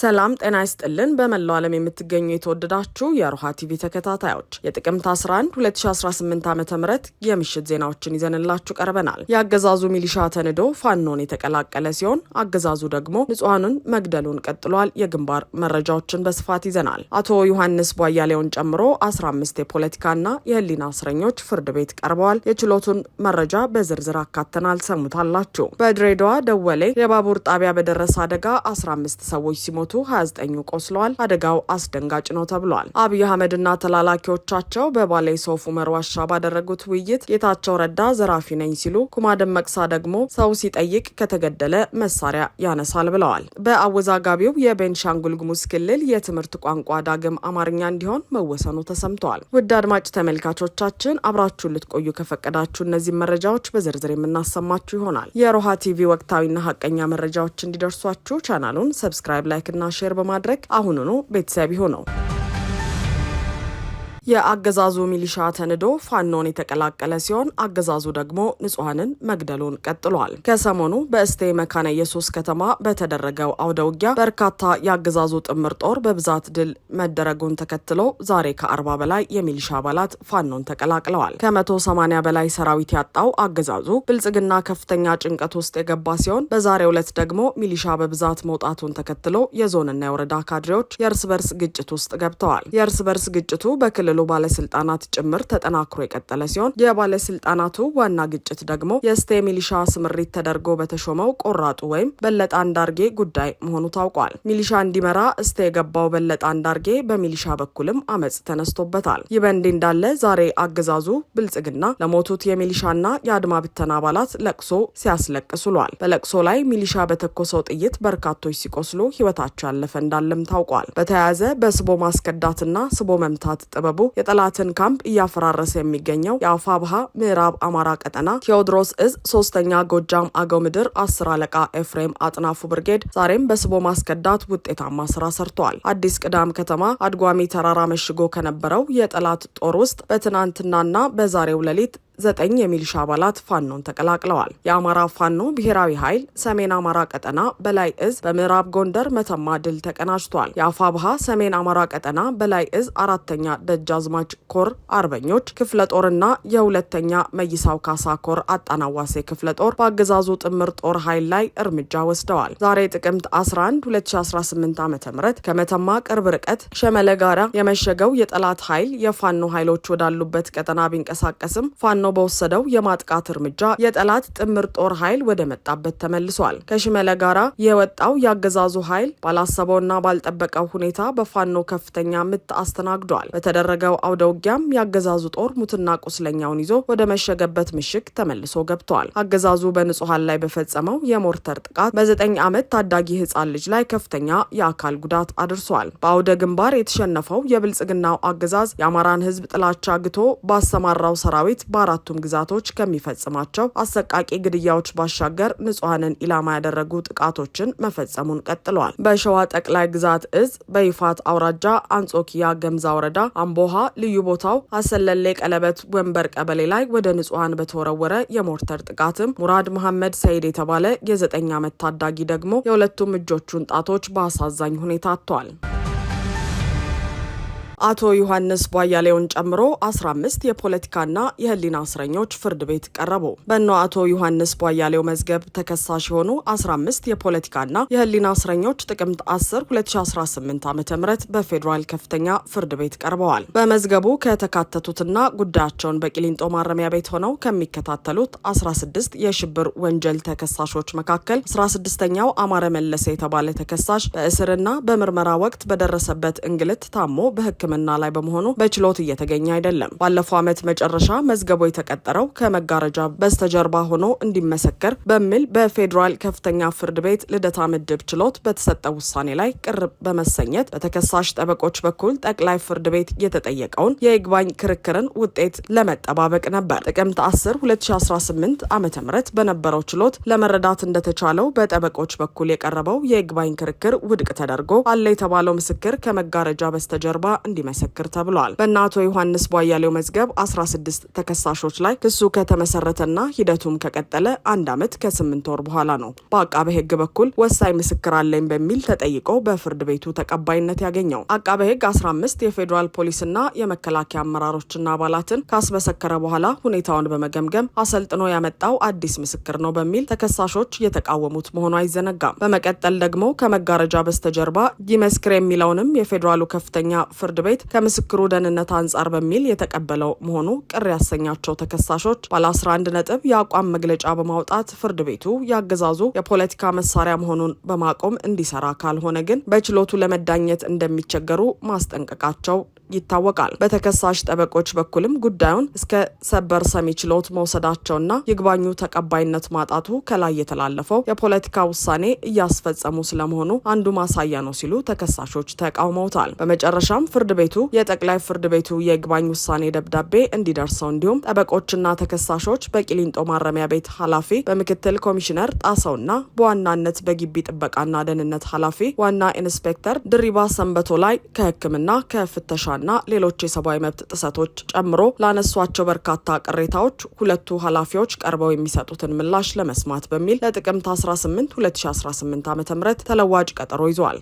ሰላም ጤና ይስጥልን። በመላው ዓለም የምትገኙ የተወደዳችሁ የሮሃ ቲቪ ተከታታዮች የጥቅምት 11 2018 ዓ ም የምሽት ዜናዎችን ይዘንላችሁ ቀርበናል። የአገዛዙ ሚሊሻ ተንዶ ፋኖን የተቀላቀለ ሲሆን አገዛዙ ደግሞ ንጹሐኑን መግደሉን ቀጥሏል። የግንባር መረጃዎችን በስፋት ይዘናል። አቶ ዮሐንስ ቧያሌውን ጨምሮ 15 የፖለቲካና የህሊና እስረኞች ፍርድ ቤት ቀርበዋል። የችሎቱን መረጃ በዝርዝር አካተናል፣ ሰሙታላችሁ። በድሬዳዋ ደወሌ የባቡር ጣቢያ በደረሰ አደጋ 15 ሰዎች ሲሞ ሲሞቱ 29ኙ ቆስለዋል። አደጋው አስደንጋጭ ነው ተብሏል። አብይ አህመድና ተላላኪዎቻቸው በባሌ ሶፍ ዑመር ዋሻ ባደረጉት ውይይት ጌታቸው ረዳ ዘራፊ ነኝ ሲሉ፣ ኩማ ደመቅሳ ደግሞ ሰው ሲጠይቅ ከተገደለ መሳሪያ ያነሳል ብለዋል። በአወዛጋቢው የቤንሻንጉል ጉሙዝ ክልል የትምህርት ቋንቋ ዳግም አማርኛ እንዲሆን መወሰኑ ተሰምተዋል። ውድ አድማጭ ተመልካቾቻችን አብራችሁን ልትቆዩ ከፈቀዳችሁ እነዚህ መረጃዎች በዝርዝር የምናሰማችሁ ይሆናል። የሮሃ ቲቪ ወቅታዊና ሀቀኛ መረጃዎች እንዲደርሷችሁ ቻናሉን ሰብስክራይብ፣ ላይክ ላይክና ሼር በማድረግ አሁኑኑ ቤተሰብ ይሁኑ። የአገዛዙ ሚሊሻ ተንዶ ፋኖን የተቀላቀለ ሲሆን አገዛዙ ደግሞ ንጹሐንን መግደሉን ቀጥሏል። ከሰሞኑ በእስቴ መካነ ኢየሱስ ከተማ በተደረገው አውደ ውጊያ በርካታ የአገዛዙ ጥምር ጦር በብዛት ድል መደረጉን ተከትሎ ዛሬ ከአርባ በላይ የሚሊሻ አባላት ፋኖን ተቀላቅለዋል። ከመቶ ሰማኒያ በላይ ሰራዊት ያጣው አገዛዙ ብልጽግና ከፍተኛ ጭንቀት ውስጥ የገባ ሲሆን በዛሬው ዕለት ደግሞ ሚሊሻ በብዛት መውጣቱን ተከትሎ የዞንና የወረዳ ካድሬዎች የእርስ በርስ ግጭት ውስጥ ገብተዋል። የእርስ በርስ ግጭቱ በክልሉ የሚወክሉ ባለስልጣናት ጭምር ተጠናክሮ የቀጠለ ሲሆን የባለስልጣናቱ ዋና ግጭት ደግሞ የእስቴ ሚሊሻ ስምሪት ተደርጎ በተሾመው ቆራጡ ወይም በለጠ አንዳርጌ ጉዳይ መሆኑ ታውቋል። ሚሊሻ እንዲመራ እስቴ የገባው በለጠ አንዳርጌ በሚሊሻ በኩልም አመፅ ተነስቶበታል። ይህ በእንዲህ እንዳለ ዛሬ አገዛዙ ብልጽግና ለሞቱት የሚሊሻና የአድማ ብተና አባላት ለቅሶ ሲያስለቅስ ውሏል። በለቅሶ ላይ ሚሊሻ በተኮሰው ጥይት በርካቶች ሲቆስሉ ህይወታቸው ያለፈ እንዳለም ታውቋል። በተያያዘ በስቦ ማስከዳትና ስቦ መምታት ጥበቡ የጠላትን ካምፕ እያፈራረሰ የሚገኘው የአፋብሃ ምዕራብ አማራ ቀጠና ቴዎድሮስ እዝ ሶስተኛ ጎጃም አገው ምድር አስር አለቃ ኤፍሬም አጥናፉ ብርጌድ ዛሬም በስቦ ማስከዳት ውጤታማ ስራ ሰርተዋል። አዲስ ቅዳም ከተማ አድጓሚ ተራራ መሽጎ ከነበረው የጠላት ጦር ውስጥ በትናንትናና በዛሬው ሌሊት ዘጠኝ የሚሊሻ አባላት ፋኖን ተቀላቅለዋል። የአማራ ፋኖ ብሔራዊ ኃይል ሰሜን አማራ ቀጠና በላይ እዝ በምዕራብ ጎንደር መተማ ድል ተቀናጅቷል። ብሃ ሰሜን አማራ ቀጠና በላይ እዝ አራተኛ ደጃዝማች ኮር አርበኞች ክፍለ ጦርና የሁለተኛ መይሳው ካሳ ኮር አጣናዋሴ ክፍለ ጦር በአገዛዙ ጥምር ጦር ኃይል ላይ እርምጃ ወስደዋል። ዛሬ ጥቅምት 11 2018 ዓ ም ከመተማ ቅርብ ርቀት ሸመለ ጋራ የመሸገው የጠላት ኃይል የፋኖ ኃይሎች ወዳሉበት ቀጠና ቢንቀሳቀስም ፋኖ ፋኖ በወሰደው የማጥቃት እርምጃ የጠላት ጥምር ጦር ኃይል ወደ መጣበት ተመልሷል። ከሽመለ ጋራ የወጣው የአገዛዙ ኃይል ባላሰበውና ባልጠበቀው ሁኔታ በፋኖ ከፍተኛ ምት አስተናግዷል። በተደረገው አውደ ውጊያም የአገዛዙ ጦር ሙትና ቁስለኛውን ይዞ ወደ መሸገበት ምሽግ ተመልሶ ገብቷል። አገዛዙ በንጹሐን ላይ በፈጸመው የሞርተር ጥቃት በዘጠኝ ዓመት ታዳጊ ህጻን ልጅ ላይ ከፍተኛ የአካል ጉዳት አድርሷል። በአውደ ግንባር የተሸነፈው የብልጽግናው አገዛዝ የአማራን ህዝብ ጥላቻ ግቶ ባሰማራው ሰራዊት በአራት በአራቱም ግዛቶች ከሚፈጽማቸው አሰቃቂ ግድያዎች ባሻገር ንጹሐንን ኢላማ ያደረጉ ጥቃቶችን መፈጸሙን ቀጥለዋል። በሸዋ ጠቅላይ ግዛት እዝ በይፋት አውራጃ አንጾኪያ ገምዛ ወረዳ አምቦሃ ልዩ ቦታው አሰለሌ ቀለበት ወንበር ቀበሌ ላይ ወደ ንጹሐን በተወረወረ የሞርተር ጥቃትም ሙራድ መሐመድ ሰይድ የተባለ የዘጠኝ ዓመት ታዳጊ ደግሞ የሁለቱም እጆቹን ጣቶች በአሳዛኝ ሁኔታ አጥቷል። አቶ ዮሐንስ ቧያሌውን ጨምሮ 15 የፖለቲካና የህሊና እስረኞች ፍርድ ቤት ቀረቡ። በእነ አቶ ዮሐንስ ቧያሌው መዝገብ ተከሳሽ የሆኑ 15 የፖለቲካና የህሊና እስረኞች ጥቅምት 10 2018 ዓ ም በፌዴራል ከፍተኛ ፍርድ ቤት ቀርበዋል። በመዝገቡ ከተካተቱትና ጉዳያቸውን በቂሊንጦ ማረሚያ ቤት ሆነው ከሚከታተሉት 16 የሽብር ወንጀል ተከሳሾች መካከል 16ኛው አማረ መለሰ የተባለ ተከሳሽ በእስርና በምርመራ ወቅት በደረሰበት እንግልት ታሞ በህክምና ሕክምና ላይ በመሆኑ በችሎት እየተገኘ አይደለም። ባለፈው ዓመት መጨረሻ መዝገቡ የተቀጠረው ከመጋረጃ በስተጀርባ ሆኖ እንዲመሰከር በሚል በፌዴራል ከፍተኛ ፍርድ ቤት ልደታ ምድብ ችሎት በተሰጠው ውሳኔ ላይ ቅር በመሰኘት በተከሳሽ ጠበቆች በኩል ጠቅላይ ፍርድ ቤት የተጠየቀውን የይግባኝ ክርክርን ውጤት ለመጠባበቅ ነበር። ጥቅምት 10 2018 ዓ ም በነበረው ችሎት ለመረዳት እንደተቻለው በጠበቆች በኩል የቀረበው የይግባኝ ክርክር ውድቅ ተደርጎ አለ የተባለው ምስክር ከመጋረጃ በስተጀርባ እንዲ እንዲመሰክር ተብሏል። በእነ አቶ ዮሐንስ ቧያሌው መዝገብ 16 ተከሳሾች ላይ ክሱ ከተመሰረተና ሂደቱም ከቀጠለ አንድ ዓመት ከስምንት ወር በኋላ ነው በአቃቤ ሕግ በኩል ወሳኝ ምስክር አለኝ በሚል ተጠይቆ በፍርድ ቤቱ ተቀባይነት ያገኘው። አቃቤ ሕግ 15 የፌዴራል ፖሊስና የመከላከያ አመራሮችና አባላትን ካስመሰከረ በኋላ ሁኔታውን በመገምገም አሰልጥኖ ያመጣው አዲስ ምስክር ነው በሚል ተከሳሾች የተቃወሙት መሆኑ አይዘነጋም። በመቀጠል ደግሞ ከመጋረጃ በስተጀርባ ይመስክር የሚለውንም የፌዴራሉ ከፍተኛ ፍርድ ቤት ቤት ከምስክሩ ደህንነት አንጻር በሚል የተቀበለው መሆኑ ቅር ያሰኛቸው ተከሳሾች ባለ 11 ነጥብ የአቋም መግለጫ በማውጣት ፍርድ ቤቱ ያገዛዙ የፖለቲካ መሳሪያ መሆኑን በማቆም እንዲሰራ ካልሆነ ግን በችሎቱ ለመዳኘት እንደሚቸገሩ ማስጠንቀቃቸው ይታወቃል። በተከሳሽ ጠበቆች በኩልም ጉዳዩን እስከ ሰበር ሰሚ ችሎት መውሰዳቸውና ይግባኙ ተቀባይነት ማጣቱ ከላይ የተላለፈው የፖለቲካ ውሳኔ እያስፈጸሙ ስለመሆኑ አንዱ ማሳያ ነው ሲሉ ተከሳሾች ተቃውመውታል። በመጨረሻም ፍርድ ቤቱ የጠቅላይ ፍርድ ቤቱ የይግባኝ ውሳኔ ደብዳቤ እንዲደርሰው እንዲሁም ጠበቆችና ተከሳሾች በቂሊንጦ ማረሚያ ቤት ኃላፊ በምክትል ኮሚሽነር ጣሰውና በዋናነት በግቢ ጥበቃና ደህንነት ኃላፊ ዋና ኢንስፔክተር ድሪባ ሰንበቶ ላይ ከህክምና ከፍተሻና ሌሎች የሰብአዊ መብት ጥሰቶች ጨምሮ ላነሷቸው በርካታ ቅሬታዎች ሁለቱ ኃላፊዎች ቀርበው የሚሰጡትን ምላሽ ለመስማት በሚል ለጥቅምት 18 2018 ዓ ም ተለዋጭ ቀጠሮ ይዟል።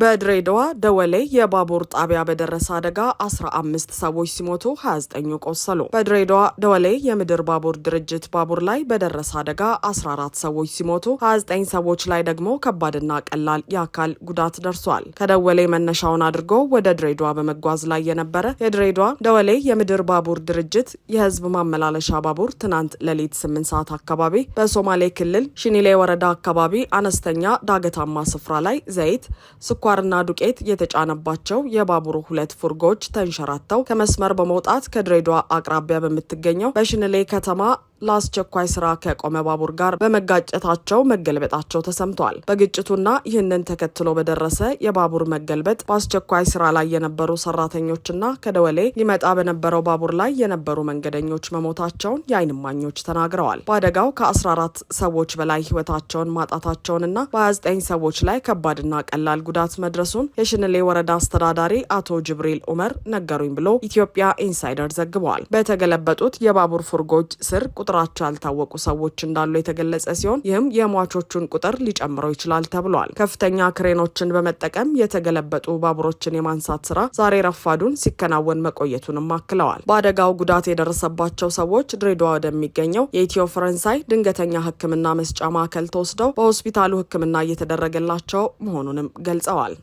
በድሬዳዋ ደወሌ የባቡር ጣቢያ በደረሰ አደጋ 15 ሰዎች ሲሞቱ 29 ቆሰሉ። በድሬዳዋ ደወሌ የምድር ባቡር ድርጅት ባቡር ላይ በደረሰ አደጋ 14 ሰዎች ሲሞቱ 29 ሰዎች ላይ ደግሞ ከባድና ቀላል የአካል ጉዳት ደርሷል። ከደወሌ መነሻውን አድርጎ ወደ ድሬዳዋ በመጓዝ ላይ የነበረ የድሬዳዋ ደወሌ የምድር ባቡር ድርጅት የህዝብ ማመላለሻ ባቡር ትናንት ሌሊት 8 ሰዓት አካባቢ በሶማሌ ክልል ሽኒሌ ወረዳ አካባቢ አነስተኛ ዳገታማ ስፍራ ላይ ዘይት ስኳ ስኳርና ዱቄት የተጫነባቸው የባቡሩ ሁለት ፉርጎች ተንሸራተው ከመስመር በመውጣት ከድሬዳዋ አቅራቢያ በምትገኘው በሽንሌ ከተማ ለአስቸኳይ ስራ ከቆመ ባቡር ጋር በመጋጨታቸው መገልበጣቸው ተሰምቷል። በግጭቱና ይህንን ተከትሎ በደረሰ የባቡር መገልበጥ በአስቸኳይ ስራ ላይ የነበሩ ሰራተኞችና ከደወሌ ሊመጣ በነበረው ባቡር ላይ የነበሩ መንገደኞች መሞታቸውን የዓይን እማኞች ተናግረዋል። በአደጋው ከ14 ሰዎች በላይ ህይወታቸውን ማጣታቸውንና በ29 ሰዎች ላይ ከባድና ቀላል ጉዳት መድረሱን የሽንሌ ወረዳ አስተዳዳሪ አቶ ጅብሪል ኡመር ነገሩኝ ብሎ ኢትዮጵያ ኢንሳይደር ዘግበዋል። በተገለበጡት የባቡር ፉርጎች ስር ቁጥራቸው ያልታወቁ ሰዎች እንዳሉ የተገለጸ ሲሆን ይህም የሟቾቹን ቁጥር ሊጨምረው ይችላል ተብሏል። ከፍተኛ ክሬኖችን በመጠቀም የተገለበጡ ባቡሮችን የማንሳት ስራ ዛሬ ረፋዱን ሲከናወን መቆየቱንም አክለዋል። በአደጋው ጉዳት የደረሰባቸው ሰዎች ድሬዳዋ ወደሚገኘው የኢትዮ ፈረንሳይ ድንገተኛ ሕክምና መስጫ ማዕከል ተወስደው በሆስፒታሉ ሕክምና እየተደረገላቸው መሆኑንም ገልጸዋል።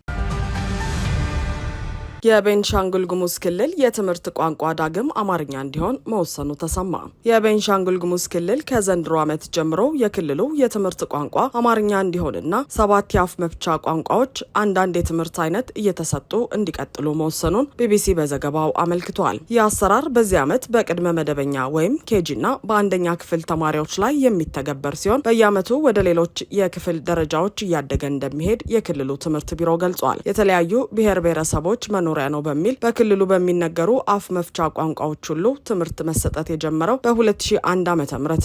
የቤንሻንጉል ጉሙዝ ክልል የትምህርት ቋንቋ ዳግም አማርኛ እንዲሆን መወሰኑ ተሰማ። የቤንሻንጉል ጉሙዝ ክልል ከዘንድሮ ዓመት ጀምሮ የክልሉ የትምህርት ቋንቋ አማርኛ እንዲሆንና ሰባት የአፍ መፍቻ ቋንቋዎች አንዳንድ የትምህርት አይነት እየተሰጡ እንዲቀጥሉ መወሰኑን ቢቢሲ በዘገባው አመልክቷል። ይህ አሰራር በዚህ ዓመት በቅድመ መደበኛ ወይም ኬጂና በአንደኛ ክፍል ተማሪዎች ላይ የሚተገበር ሲሆን በየዓመቱ ወደ ሌሎች የክፍል ደረጃዎች እያደገ እንደሚሄድ የክልሉ ትምህርት ቢሮ ገልጿል። የተለያዩ ብሔር ብሔረሰቦች መኖ መኖሪያ ነው በሚል በክልሉ በሚነገሩ አፍ መፍቻ ቋንቋዎች ሁሉ ትምህርት መሰጠት የጀመረው በ2001 ዓ ም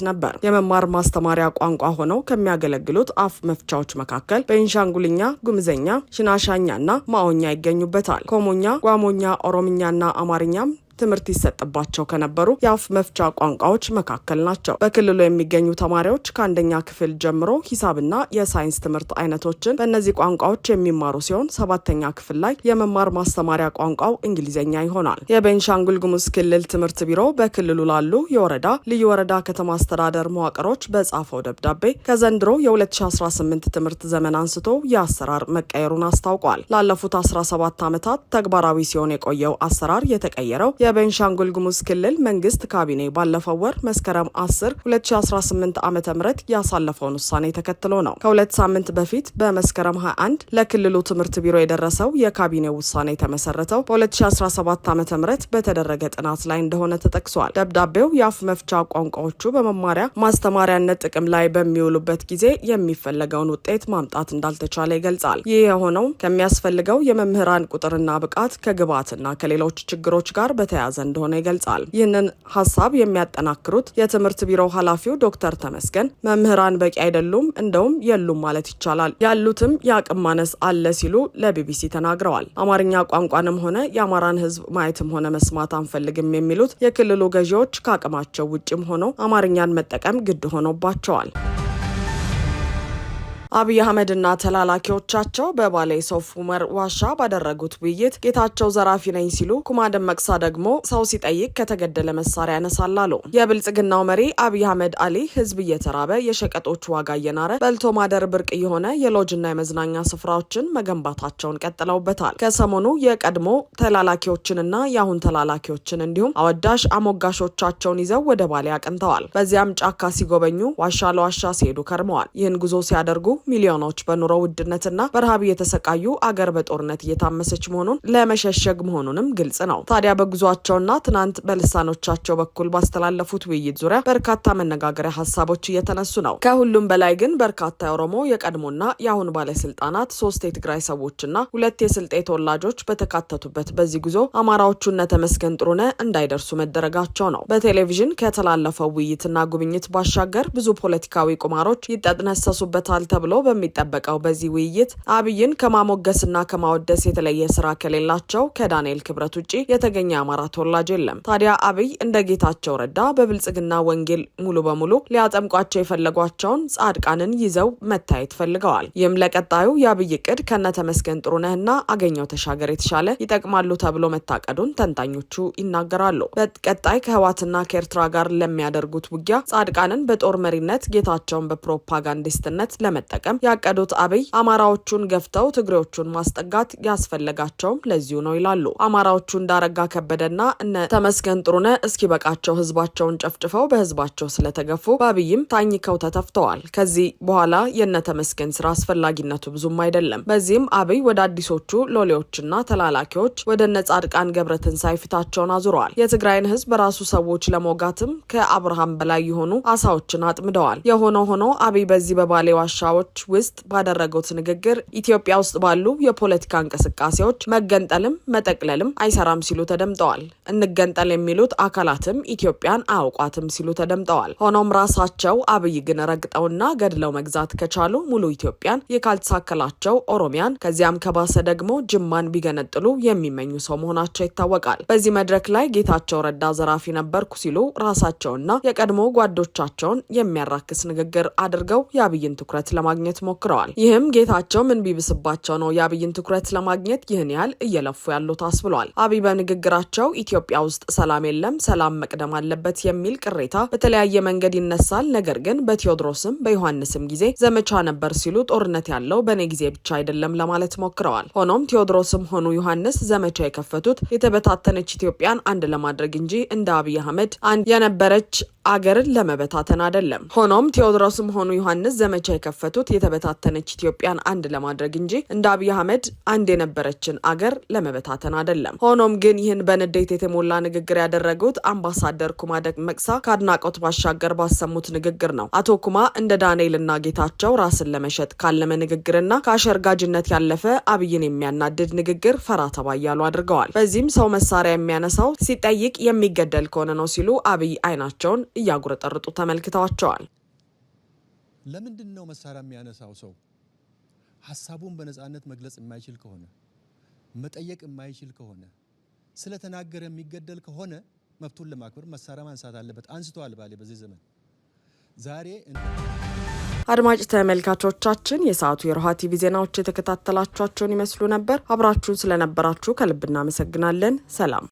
ነበር። የመማር ማስተማሪያ ቋንቋ ሆነው ከሚያገለግሉት አፍ መፍቻዎች መካከል በኢንሻንጉልኛ፣ ጉምዘኛ፣ ሽናሻኛና ማኦኛ ይገኙበታል። ኮሞኛ፣ ጓሞኛ፣ ኦሮምኛና አማርኛም ትምህርት ይሰጥባቸው ከነበሩ የአፍ መፍቻ ቋንቋዎች መካከል ናቸው። በክልሉ የሚገኙ ተማሪዎች ከአንደኛ ክፍል ጀምሮ ሂሳብና የሳይንስ ትምህርት አይነቶችን በእነዚህ ቋንቋዎች የሚማሩ ሲሆን ሰባተኛ ክፍል ላይ የመማር ማስተማሪያ ቋንቋው እንግሊዝኛ ይሆናል። የቤንሻንጉል ጉሙዝ ክልል ትምህርት ቢሮ በክልሉ ላሉ የወረዳ ልዩ ወረዳ ከተማ አስተዳደር መዋቅሮች በጻፈው ደብዳቤ ከዘንድሮ የ2018 ትምህርት ዘመን አንስቶ የአሰራር መቀየሩን አስታውቋል። ላለፉት 17 ዓመታት ተግባራዊ ሲሆን የቆየው አሰራር የተቀየረው የቤንሻንጉል ጉሙዝ ክልል መንግስት ካቢኔ ባለፈው ወር መስከረም 10 2018 ዓ ም ያሳለፈውን ውሳኔ ተከትሎ ነው። ከሁለት ሳምንት በፊት በመስከረም 21 ለክልሉ ትምህርት ቢሮ የደረሰው የካቢኔ ውሳኔ የተመሰረተው በ2017 ዓ ም በተደረገ ጥናት ላይ እንደሆነ ተጠቅሷል። ደብዳቤው የአፍ መፍቻ ቋንቋዎቹ በመማሪያ ማስተማሪያነት ጥቅም ላይ በሚውሉበት ጊዜ የሚፈለገውን ውጤት ማምጣት እንዳልተቻለ ይገልጻል። ይህ የሆነው ከሚያስፈልገው የመምህራን ቁጥርና ብቃት ከግብዓትና ከሌሎች ችግሮች ጋር በተያ የተያዘ እንደሆነ ይገልጻል። ይህንን ሀሳብ የሚያጠናክሩት የትምህርት ቢሮ ኃላፊው ዶክተር ተመስገን መምህራን በቂ አይደሉም፣ እንደውም የሉም ማለት ይቻላል፣ ያሉትም የአቅም ማነስ አለ ሲሉ ለቢቢሲ ተናግረዋል። አማርኛ ቋንቋንም ሆነ የአማራን ህዝብ ማየትም ሆነ መስማት አንፈልግም የሚሉት የክልሉ ገዢዎች ከአቅማቸው ውጭም ሆኖ አማርኛን መጠቀም ግድ ሆኖባቸዋል። አብይ አህመድና ተላላኪዎቻቸው በባሌ ሶፍ ዑመር ዋሻ ባደረጉት ውይይት ጌታቸው ዘራፊ ነኝ ሲሉ፣ ኩማ ደመቅሳ ደግሞ ሰው ሲጠይቅ ከተገደለ መሳሪያ ያነሳል አሉ። የብልጽግናው መሪ አብይ አህመድ አሊ ህዝብ እየተራበ የሸቀጦች ዋጋ እየናረ በልቶ ማደር ብርቅ የሆነ የሎጅና የመዝናኛ ስፍራዎችን መገንባታቸውን ቀጥለውበታል። ከሰሞኑ የቀድሞ ተላላኪዎችንና የአሁን ተላላኪዎችን እንዲሁም አወዳሽ አሞጋሾቻቸውን ይዘው ወደ ባሌ አቅንተዋል። በዚያም ጫካ ሲጎበኙ፣ ዋሻ ለዋሻ ሲሄዱ ከርመዋል። ይህን ጉዞ ሲያደርጉ ሚሊዮኖች በኑሮ ውድነትና በረሃብ እየተሰቃዩ አገር በጦርነት እየታመሰች መሆኑን ለመሸሸግ መሆኑንም ግልጽ ነው። ታዲያ በጉዟቸውና ትናንት በልሳኖቻቸው በኩል ባስተላለፉት ውይይት ዙሪያ በርካታ መነጋገሪያ ሀሳቦች እየተነሱ ነው። ከሁሉም በላይ ግን በርካታ የኦሮሞ የቀድሞና የአሁን ባለስልጣናት ሶስት የትግራይ ሰዎችና ሁለት የስልጤ ተወላጆች በተካተቱበት በዚህ ጉዞ አማራዎቹን ተመስገን ጥሩነ እንዳይደርሱ መደረጋቸው ነው። በቴሌቪዥን ከተላለፈው ውይይትና ጉብኝት ባሻገር ብዙ ፖለቲካዊ ቁማሮች ይጠነሰሱበታል ተብሎ ተብሎ በሚጠበቀው በዚህ ውይይት አብይን ከማሞገስና ከማወደስ የተለየ ስራ ከሌላቸው ከዳንኤል ክብረት ውጭ የተገኘ አማራ ተወላጅ የለም። ታዲያ አብይ እንደ ጌታቸው ረዳ በብልጽግና ወንጌል ሙሉ በሙሉ ሊያጠምቋቸው የፈለጓቸውን ጻድቃንን ይዘው መታየት ፈልገዋል። ይህም ለቀጣዩ የአብይ እቅድ ከነ ተመስገን ጥሩነህና አገኘው ተሻገር የተሻለ ይጠቅማሉ ተብሎ መታቀዱን ተንታኞቹ ይናገራሉ። በቀጣይ ከህዋትና ከኤርትራ ጋር ለሚያደርጉት ውጊያ ጻድቃንን በጦር መሪነት ጌታቸውን በፕሮፓጋንዲስትነት ለመጠቀም ለመጠቀም ያቀዱት አብይ አማራዎቹን ገፍተው ትግሬዎቹን ማስጠጋት ያስፈለጋቸውም ለዚሁ ነው ይላሉ። አማራዎቹ እንዳረጋ ከበደና እነ ተመስገን እስኪ በቃቸው ህዝባቸውን ጨፍጭፈው በህዝባቸው ስለተገፉ በአብይም ታኝከው ተተፍተዋል። ከዚህ በኋላ የነ ተመስገን ስራ አስፈላጊነቱ ብዙም አይደለም። በዚህም አብይ ወደ አዲሶቹ ሎሌዎችና ተላላኪዎች ወደ እነ ጻድቃን ገብረትንሳኤ ፊታቸውን አዙረዋል። የትግራይን ህዝብ በራሱ ሰዎች ለመውጋትም ከአብርሃም በላይ የሆኑ አሳዎችን አጥምደዋል። የሆነ ሆኖ አብይ በዚህ በባሌ ዋሻዎች መድረኮች ውስጥ ባደረጉት ንግግር ኢትዮጵያ ውስጥ ባሉ የፖለቲካ እንቅስቃሴዎች መገንጠልም መጠቅለልም አይሰራም ሲሉ ተደምጠዋል። እንገንጠል የሚሉት አካላትም ኢትዮጵያን አያውቋትም ሲሉ ተደምጠዋል። ሆኖም ራሳቸው አብይ ግን ረግጠውና ገድለው መግዛት ከቻሉ ሙሉ ኢትዮጵያን፣ የካልተሳከላቸው ኦሮሚያን፣ ከዚያም ከባሰ ደግሞ ጅማን ቢገነጥሉ የሚመኙ ሰው መሆናቸው ይታወቃል። በዚህ መድረክ ላይ ጌታቸው ረዳ ዘራፊ ነበርኩ ሲሉ ራሳቸውና የቀድሞ ጓዶቻቸውን የሚያራክስ ንግግር አድርገው የአብይን ትኩረት ለማግኘት ለማግኘት ሞክረዋል። ይህም ጌታቸው ምን ቢብስባቸው ነው የአብይን ትኩረት ለማግኘት ይህን ያህል እየለፉ ያሉት አስብሏል። አብይ በንግግራቸው ኢትዮጵያ ውስጥ ሰላም የለም፣ ሰላም መቅደም አለበት የሚል ቅሬታ በተለያየ መንገድ ይነሳል። ነገር ግን በቴዎድሮስም በዮሐንስም ጊዜ ዘመቻ ነበር ሲሉ ጦርነት ያለው በእኔ ጊዜ ብቻ አይደለም ለማለት ሞክረዋል። ሆኖም ቴዎድሮስም ሆኑ ዮሐንስ ዘመቻ የከፈቱት የተበታተነች ኢትዮጵያን አንድ ለማድረግ እንጂ እንደ አብይ አህመድ አንድ የነበረች አገርን ለመበታተን አይደለም። ሆኖም ቴዎድሮስም ሆኑ ዮሐንስ ዘመቻ የከፈቱት የተበታተነች ኢትዮጵያን አንድ ለማድረግ እንጂ እንደ አብይ አህመድ አንድ የነበረችን አገር ለመበታተን አይደለም። ሆኖም ግን ይህን በንዴት የተሞላ ንግግር ያደረጉት አምባሳደር ኩማ ደመቅሳ ከአድናቆት ባሻገር ባሰሙት ንግግር ነው። አቶ ኩማ እንደ ዳንኤልና ጌታቸው ራስን ለመሸጥ ካለመ ንግግርና ከአሸርጋጅነት ያለፈ አብይን የሚያናድድ ንግግር ፈራ ተባያሉ አድርገዋል። በዚህም ሰው መሳሪያ የሚያነሳው ሲጠይቅ የሚገደል ከሆነ ነው ሲሉ አብይ አይናቸውን እያጉረጠርጡ ተመልክተዋቸዋል። ለምንድን ነው መሳሪያ የሚያነሳው ሰው ሀሳቡን በነፃነት መግለጽ የማይችል ከሆነ መጠየቅ የማይችል ከሆነ ስለተናገረ የሚገደል ከሆነ መብቱን ለማክበር መሳሪያ ማንሳት አለበት። አንስተዋል ባሌ በዚህ ዘመን ዛሬ አድማጭ ተመልካቾቻችን የሰዓቱ የሮሃ ቲቪ ዜናዎች የተከታተላችኋቸውን ይመስሉ ነበር። አብራችሁን ስለነበራችሁ ከልብ እናመሰግናለን። ሰላም